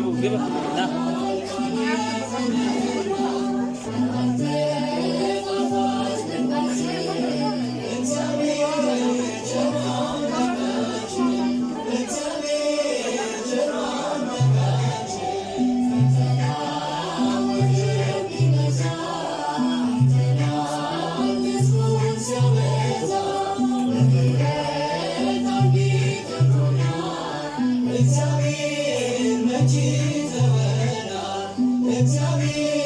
give, it. Yahweh.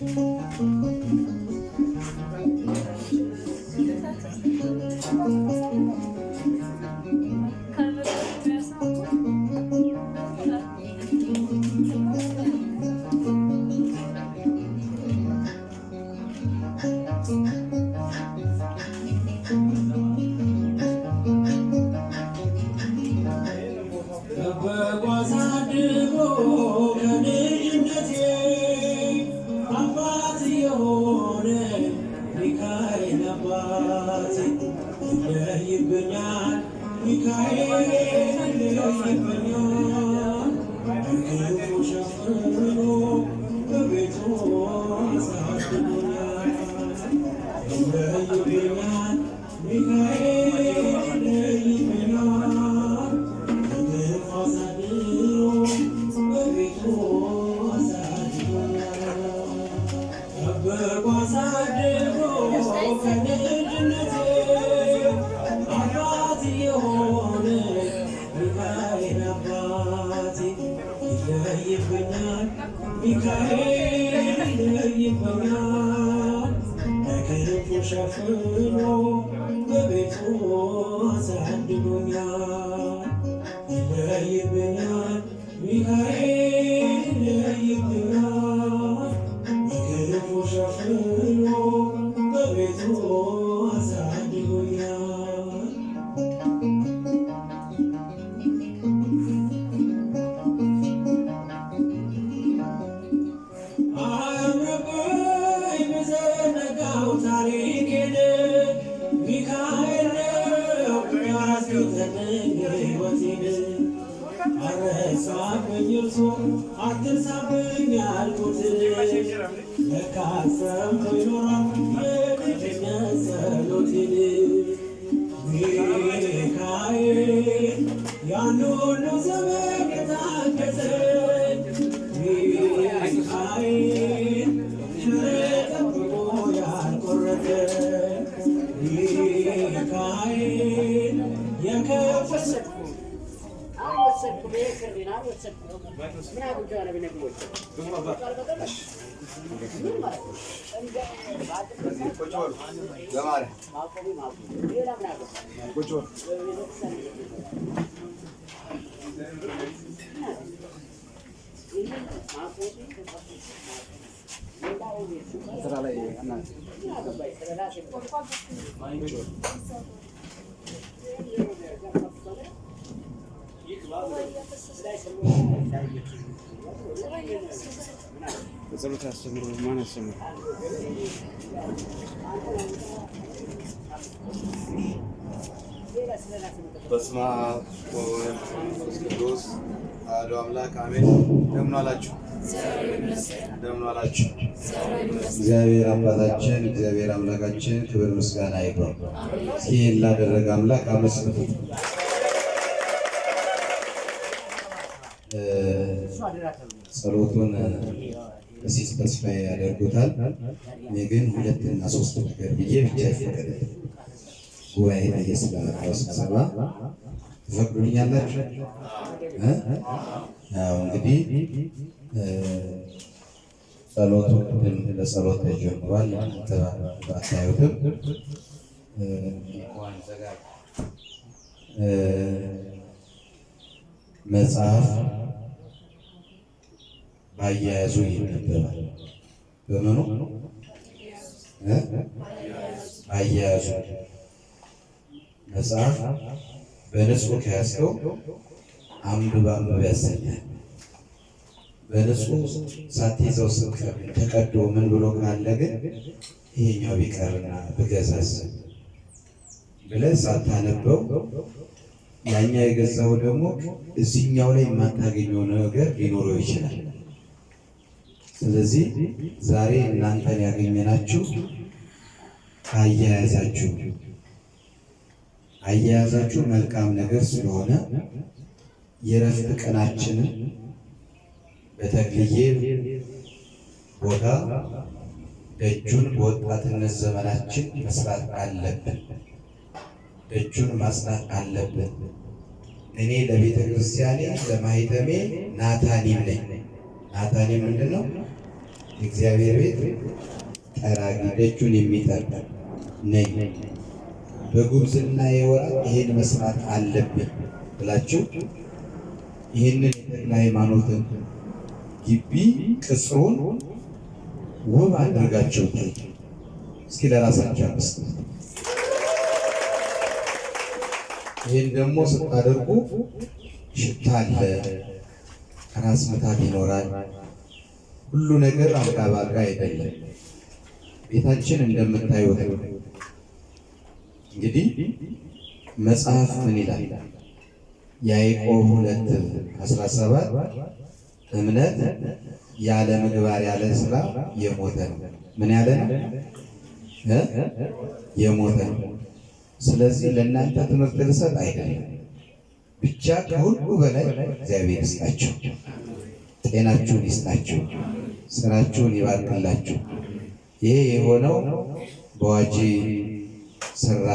嗯 የኔ አባት ይለይብኛል ሚካኤል ይለይብኛል ከክፉ ሸፍኖ በቤቱ አሳድጎኛል Yeah. አረሳብኝ እርሶ አትርሳብኝ ያልኩት ለካ ሰምቶ ይኖራል የልጅኛ ጸሎቴን ሚካኤል ያን ሁሉ ዘመን የታገሰኝ ሚካኤል ጠብቆ ያልቆረጠ ሚካኤል የከፈሰድኩ አልወሰድኩም። ይሄ ቅርብ ነው። አልወሰድኩም። ምን አጉጃ ነው ቢነግሮኝ ስራ ላይ እናንተ በጸሎት አስተምሮ ማን አስተምሮ በስመ አብ ወወልድ ወመንፈስ ቅዱስ አሐዱ አምላክ አሜን። እንደምን አላችሁ? እንደምን አላችሁ? እግዚአብሔር አባታችን እግዚአብሔር አምላካችን ክብር ምስጋና ይግባው። ይህን ላደረገ አምላክ አመስግኑ። ጸሎቱን ቀሲስ ተስፋዬ ያደርጉታል። እኔ ግን ሁለት ሶስት ነገር ብዬ ብቻ ይፈቀዳል። ጉባኤ ላይ ስለመጣሁ ስብሰባ ትፈቅዱልኛላችሁ? እንግዲህ ጸሎቱ ቅድም ለጸሎት ተጀምሯል። ባታዩትም መጽሐፍ ባያያዙ ይነበባል። በምኑ አያያዙ መጽሐፍ በንጹህ ከያዝከው አንብብ አንብብ ያሰኛል። በንጹህ ሳትይዘው ስትቀር ተቀዶ ምን ብሎ ካለ ግን ይሄኛው ቢቀርና ብገዛስ ብለህ ሳታነበው ያኛው የገዛው ደግሞ እዚህኛው ላይ የማታገኘው ነገር ሊኖረው ይችላል። ስለዚህ ዛሬ እናንተን ያገኘናችሁ አያያዛችሁ አያያዛችሁ መልካም ነገር ስለሆነ የረፍት ቀናችንን በተክልዬ ቦታ ደጁን በወጣትነት ዘመናችን መስራት አለብን። ደጁን ማጽዳት አለብን። እኔ ለቤተ ክርስቲያኔ ለማይተሜ ናታኒም ነኝ። ናታኒም ምንድን ነው? እግዚአብሔር ቤት ጠራጊ ደጁን የሚጠርቅ ነኝ። በጉብዝና የወራት ይህን መስራት አለብን ብላችሁ ይህንን የተክለ ሃይማኖትን ግቢ ቅጽሩን ውብ አድርጋችሁ እስኪ ለራሳቸው አምስ ይህን ደግሞ ስታደርጉ ሽታ አለ፣ ራስ ምታት ይኖራል። ሁሉ ነገር አልቃ ባልቃ አይደለም። ቤታችን እንደምታዩት እንግዲህ መጽሐፍ ምን ይላል? ያዕቆብ ሁለት አስራ ሰባት እምነት ያለ ምግባር ያለ ስራ የሞተ ነው። ምን ያለ ነው? የሞተ ነው። ስለዚህ ለእናንተ ትምህርት ልሰጥ አይደለም። ብቻ ከሁሉ በላይ እግዚአብሔር ይስጣቸው፣ ጤናችሁን ይስጣቸው። ስራችሁን ይባርክላችሁ። ይሄ የሆነው በዋጂ ስራ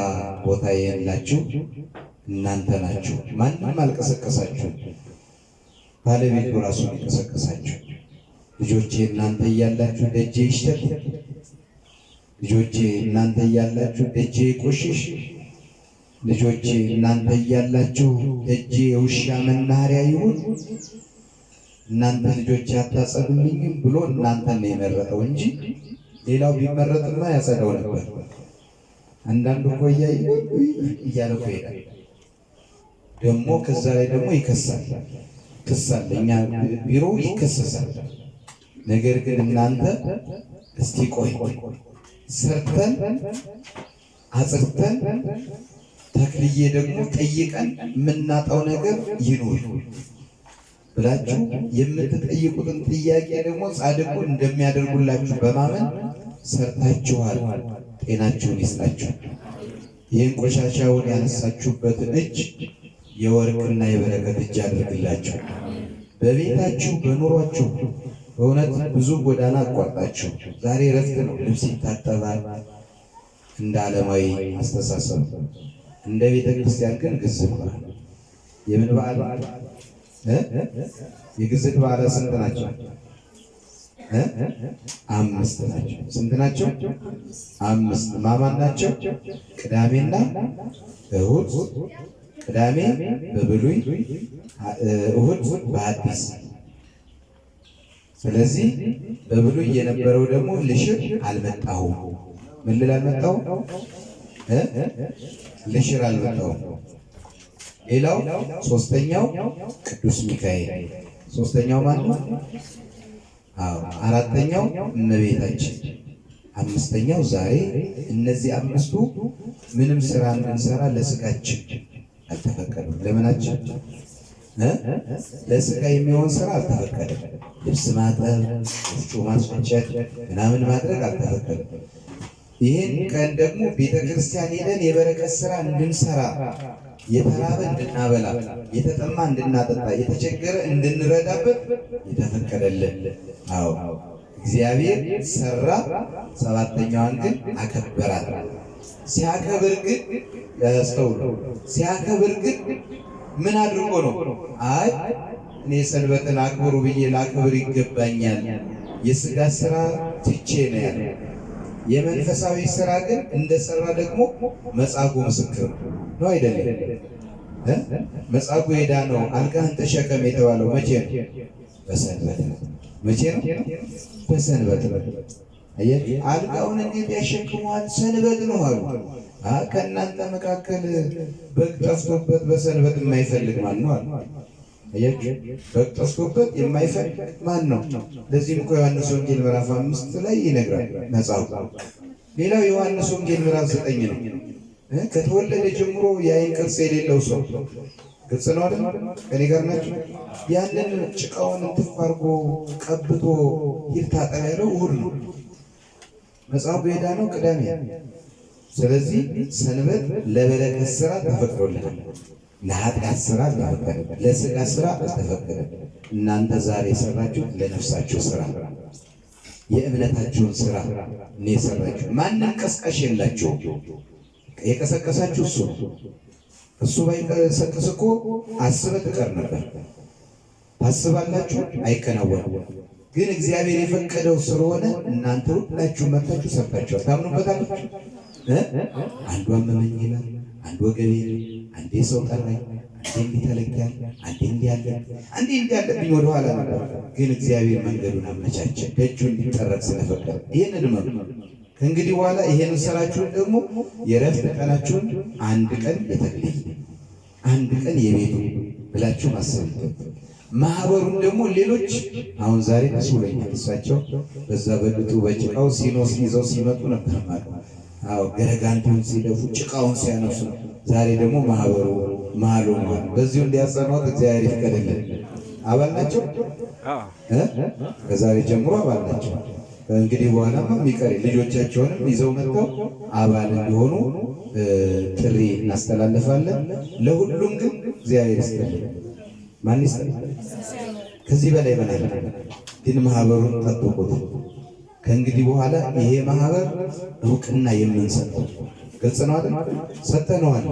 ቦታ የላችሁ እናንተ ናችሁ። ማንም አልቀሰቀሳችሁ፣ ባለቤቱ ራሱ አልቀሰቀሳችሁ። ልጆቼ እናንተ እያላችሁ ደጄ ይሽተት፣ ልጆቼ እናንተ እያላችሁ ደጄ ይቆሽሽ፣ ልጆቼ እናንተ እያላችሁ ደጄ የውሻ መናኸሪያ ይሁን እናንተ ልጆች አታጸዱልኝም ብሎ እናንተን ነው የመረጠው እንጂ ሌላው ቢመረጥማ ያጸዳው ነበር። አንዳንዱ ኮያ እያለ ሄዳ ደግሞ ከዛ ላይ ደግሞ ይከሳል ክሳል እኛ ቢሮ ይከሰሳል። ነገር ግን እናንተ እስቲ ቆይ ሰርተን አጽርተን ተክልዬ ደግሞ ጠይቀን የምናጣው ነገር ይኑር ብላችሁ የምትጠይቁትን ጥያቄ ደግሞ ጻድቁ እንደሚያደርጉላችሁ በማመን ሰርታችኋል። ጤናችሁን ይስጣችሁ። ይህን ቆሻሻውን ያነሳችሁበትን እጅ የወርቅና የበረከት እጅ አድርግላችሁ። በቤታችሁ በኑሯችሁ በእውነት ብዙ ጎዳና አቋርጣችሁ ዛሬ ረፍት ነው፣ ልብስ ይታጠባል። እንደ ዓለማዊ አስተሳሰብ እንደ ቤተ ክርስቲያን ግን ይሆናል የምን በዓል የግዝት ባለ ስንት ናቸው? አምስት ናቸው። ስንት ናቸው? አምስት። ማማን ናቸው? ቅዳሜና እሁድ። ቅዳሜ በብሉይ እሁድ በአዲስ። ስለዚህ በብሉይ የነበረው ደግሞ ልሽር አልመጣሁም። ምን ልል አልመጣሁም? ልሽር አልመጣሁም ሌላው ሶስተኛው ቅዱስ ሚካኤል ሶስተኛው ማን ነው? አዎ አራተኛው እመቤታችን፣ አምስተኛው ዛሬ። እነዚህ አምስቱ ምንም ስራ እንድንሰራ ለስጋችን አልተፈቀደም። ለምናችን ለስጋ የሚሆን ስራ አልተፈቀደም። ልብስ ማጠብ፣ ወፍጮ ማስፈጨት፣ ምናምን ማድረግ አልተፈቀደም። ይህን ቀን ደግሞ ቤተክርስቲያን ሄደን የበረከት ስራ እንድንሰራ የተራበ እንድናበላ፣ የተጠማ እንድናጠጣ፣ የተቸገረ እንድንረዳበት የተፈቀደልን። አዎ እግዚአብሔር ሰራ፣ ሰባተኛዋን ግን አከበራት። ሲያከብር ግን ያስተውሉ። ሲያከብር ግን ምን አድርጎ ነው? አይ እኔ ሰንበትን አክብሩ ብዬ ላክብር ይገባኛል፣ የስጋ ስራ ትቼ ነው ያለ የመንፈሳዊ ስራ ግን እንደሰራ ደግሞ መጻጉ ምስክር ነው አይደለም? መጻጉ ሄዳ ነው አልጋህን ተሸከም የተባለው መቼ ነው? በሰንበት መቼ ነው? በሰንበት ነው። አልጋውን እንዴት ያሸክመዋል? ሰንበት ነው አሉ። ከእናንተ መካከል በግ ጠፍቶበት በሰንበት የማይፈልግ ማለት ነው አሉ አያችሁ በጠፍቶበት የማይፈቅድ ማን ነው? ለዚህም እኮ ዮሐንስ ወንጌል ምዕራፍ አምስት ላይ ይነግራል መጽሐፉ። ሌላው ዮሐንስ ወንጌል ምዕራፍ ዘጠኝ ነው። ከተወለደ ጀምሮ የአይን ቅርጽ የሌለው ሰው ግልጽ ነው አይደል? ከኔ ጋር ናቸው። ያንን ጭቃውን እንትፍ አድርጎ ቀብቶ ይታጠብ ያለው እሑድ ነው። መጽሐፉ የዳ ነው ቅዳሜ። ስለዚህ ሰንበት ለበረከት ስራ ተፈቅዶልናል። ለኃጢአት ስራ አልተፈቀደም፣ ለስጋ ስራ አልተፈቀደም። እናንተ ዛሬ የሰራችሁ ለነፍሳችሁ ስራ፣ የእምነታችሁን ስራ ነው የሰራችሁ። ማንም ቀስቃሽ የላችሁ። የቀሰቀሳችሁ እሱ ነው። እሱ ባይቀሰቅስ እኮ አስበህ ትቀር ነበር። ታስባላችሁ፣ አይከናወንም። ግን እግዚአብሔር የፈቀደው ስለሆነ እናንተ ሁላችሁ መታችሁ ሰርታችኋል። ታምኑበታላችሁ። አንዷ መመኝ ይላል አንድ ወገቤ አንዴ ሰው ቀረኝ፣ አንዴ እንዲተለጋል፣ አንዴ እንዲያለ አንዴ እንዲያለብኝ ወደኋላ ነበር። ግን እግዚአብሔር መንገዱን አመቻቸ፣ ደጁ እንዲጠረቅ ስለፈቀደ። ይህን እድመሩ። ከእንግዲህ በኋላ ይሄን ስራችሁን ደግሞ የእረፍት ቀናችሁን አንድ ቀን የተክልይ አንድ ቀን የቤቱ ብላችሁ አሰብበት። ማህበሩን ደግሞ ሌሎች አሁን ዛሬ ደስ ብሎኛል። እሳቸው በዛ በግጡ በጭቃው ሲኖስ ይዘው ሲመጡ ነበር ማለት አዎ ገረጋንቱን ሲደፉ ጭቃውን ሲያነሱ፣ ዛሬ ደግሞ ማህበሩ ማሉ ነው። በዚሁ እንዲያጸኗት እግዚአብሔር ይፍቀድልን። አባል ናቸው፣ ከዛሬ ጀምሮ አባል ናቸው። እንግዲህ በኋላ የሚቀር ልጆቻቸውንም ይዘው መጥተው አባል እንዲሆኑ ጥሪ እናስተላልፋለን። ለሁሉም ግን እግዚአብሔር ይስጥልን። ማን ይስጥልን? ከዚህ በላይ በላይ ግን ማህበሩን ጠብቁት። ከእንግዲህ በኋላ ይሄ ማህበር እውቅና የምንሰጠው ግልጽ ነው አይደል? ሰጠነዋል።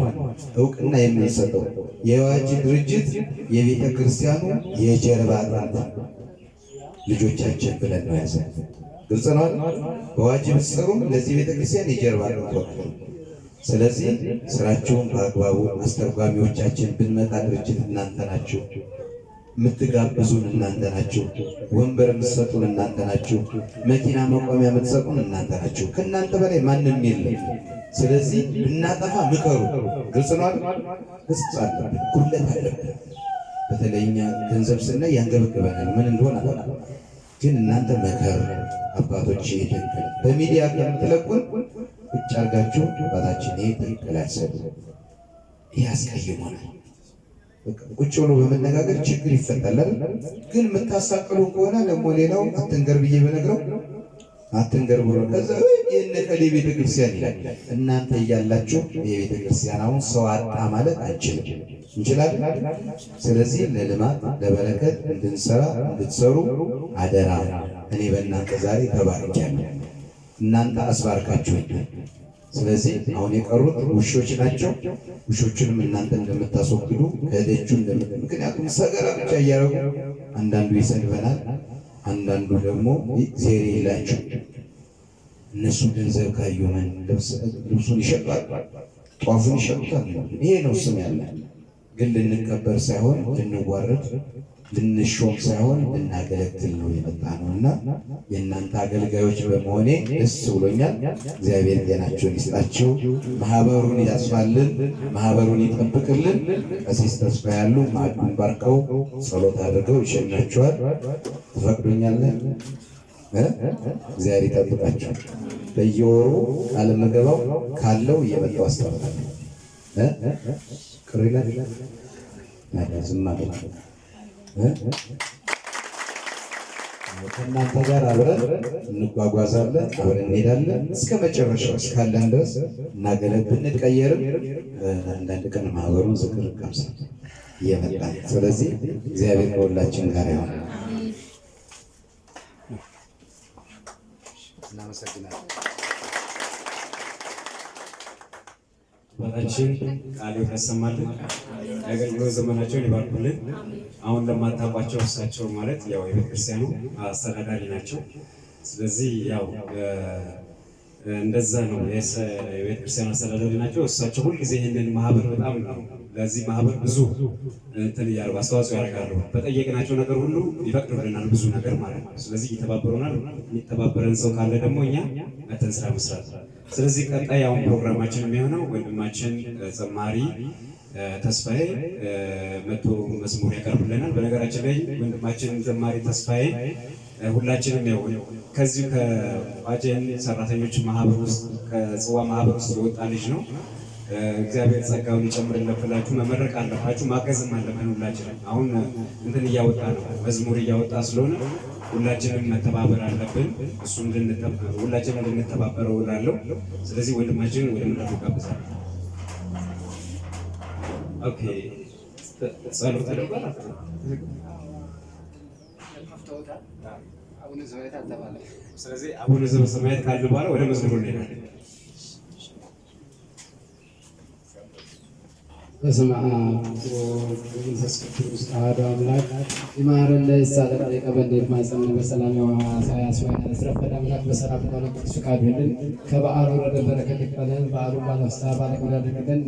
እውቅና የምንሰጠው የዋጅ ድርጅት የቤተ ክርስቲያኑ የጀርባ አጥንት ልጆቻችን ብለን ነው ያዘ። ግልጽ ነው አይደል? በዋጅ ብትሰሩም ለዚህ ቤተ ክርስቲያን የጀርባ አጥንት ስለዚህ ስራችሁን በአግባቡ አስተርጓሚዎቻችን ብንመጣ ድርጅት እናንተ ናችሁ። የምትጋብዙን እናንተ ናችሁ። ወንበር የምትሰጡን እናንተ ናችሁ። መኪና መቆሚያ የምትሰጡን እናንተ ናችሁ። ከእናንተ በላይ ማንም የለም። ስለዚህ ብናጠፋ ምከሩ። ግልጽ ነው። ግልጽ አለ ጉለት አለብን። በተለይኛ ገንዘብ ስናይ ያንገበግበናል። ምን እንደሆነ አላ ግን እናንተ መከር አባቶች ይሄድን በሚዲያ ከምትለቁን ውጭ አድርጋችሁ አባታችን ይሄ ጥንቅል አልሰዱ ይህ አስቀይሞናል። ቁጭ ብሎ በመነጋገር ችግር ይፈታል። ግን የምታሳቅሉ ከሆነ ደግሞ ሌላው አትንገር ብዬ ብነግረው አትንገር ብሎ ከዛ የነቀል የቤተ ክርስቲያን ይላል። እናንተ እያላችሁ የቤተ ክርስቲያን አሁን ሰው አጣ ማለት አይችልም፣ እንችላለን። ስለዚህ ለልማት ለበረከት እንድንሰራ እንድትሰሩ አደራ። እኔ በእናንተ ዛሬ ተባርኪያለሁ። እናንተ አስባርካችሁኝ ስለዚህ አሁን የቀሩት ውሾች ናቸው። ውሾቹንም እናንተ እንደምታስወግዱ ከደጁ እንደምት ምክንያቱም ሰገራ ብቻ እያደረጉ አንዳንዱ ይሰድበናል፣ አንዳንዱ ደግሞ ዜሬ ይላቸው። እነሱ ገንዘብ ካዩመን ልብሱን ይሸጧል፣ ጧፉን ይሸጡታል። ይሄ ነው ስም ያለ ግን ልንከበር ሳይሆን ልንዋረድ ልንሾም ሳይሆን ልናገለግል ነው የመጣ ነው እና የእናንተ አገልጋዮች በመሆኔ ደስ ብሎኛል። እግዚአብሔር ጤናቸውን ይስጣቸው፣ ማህበሩን ያስፋልን፣ ማህበሩን ይጠብቅልን። ቀሲስ ተስፋ ያሉ ማዕዱን ባርከው ጸሎት አድርገው ይሸናቸዋል። ተፈቅዶኛለን። እግዚአብሔር ይጠብቃቸው። በየወሩ አለመገባው ካለው እየመጣው አስተባባል ቅሪላ ዝማ ነው ከእናንተ ጋር አብረን እንጓጓዛለን፣ አብረን እንሄዳለን። እስከ መጨረሻው እስካለን ድረስ እናገለብ እንቀየርም። አንዳንድ ቀን ማህበሩን ዝክር ቀምሳ እየመጣል። ስለዚህ እግዚአብሔር ከሁላችን ጋር ይሆናል። እናመሰግናለን። አባታችን ቃል ያሰማልን፣ የአገልግሎት ዘመናቸውን ይባርኩልን። አሁን ለማታውቋቸው እሳቸው ማለት ያው የቤተክርስቲያኑ አስተዳዳሪ ናቸው። ስለዚህ ያው እንደዛ ነው፣ የቤተክርስቲያኑ አስተዳዳሪ ናቸው። እሳቸው ሁልጊዜ ይህንን ማህበር በጣም ነው ለዚህ ማህበር ብዙ እንትን እያሉ አስተዋጽኦ ያደርጋሉ። በጠየቅናቸው ነገር ሁሉ ይፈቅዱልናል፣ ብዙ ነገር ማለት ነው። ስለዚህ ይተባበሩናል። የሚተባበረን ሰው ካለ ደግሞ እኛ መተን ስራ መስራት ስለዚህ ቀጣይ አሁን ፕሮግራማችን የሚሆነው ወንድማችን ዘማሪ ተስፋዬ መቶ መዝሙር ያቀርብልናል። በነገራችን ላይ ወንድማችን ዘማሪ ተስፋዬ ሁላችንም ያው ከዚሁ ከዋጀን ሰራተኞች ማህበር ውስጥ ከጽዋ ማህበር ውስጥ የወጣ ልጅ ነው። እግዚአብሔር ጸጋውን ይጨምርልን ብላችሁ መመረቅ አለባችሁ፣ ማገዝም አለብን። ሁላችንም አሁን እንትን እያወጣ ነው መዝሙር እያወጣ ስለሆነ ሁላችንም መተባበር አለብን። እሱም ሁላችንም ልንተባበረው እላለሁ። ስለዚህ ወንድማችን ወደ ምድር ጋብዛል። ኦኬ ጸሎት ስለዚህ አቡነ ዘበሰማያት ካሉ በኋላ ወደ መዝሙሩ እንሄዳለን። በስመ አብ ወወልድ ወመንፈስ ቅዱስ አሐዱ አምላክ ይማረን ለይሳለን ጠይቀ በእንዴት ማይጸን በሰላም ያስወያነ ስረፈድ አምላክ በሰላም ሆነ ቅዱስ ፈቃድ ይሁንልን። ከበዓሉ ወረደ በረከት ይቀበለን። በዓሉ ባለፍሳ ባለቅዳ ደግደን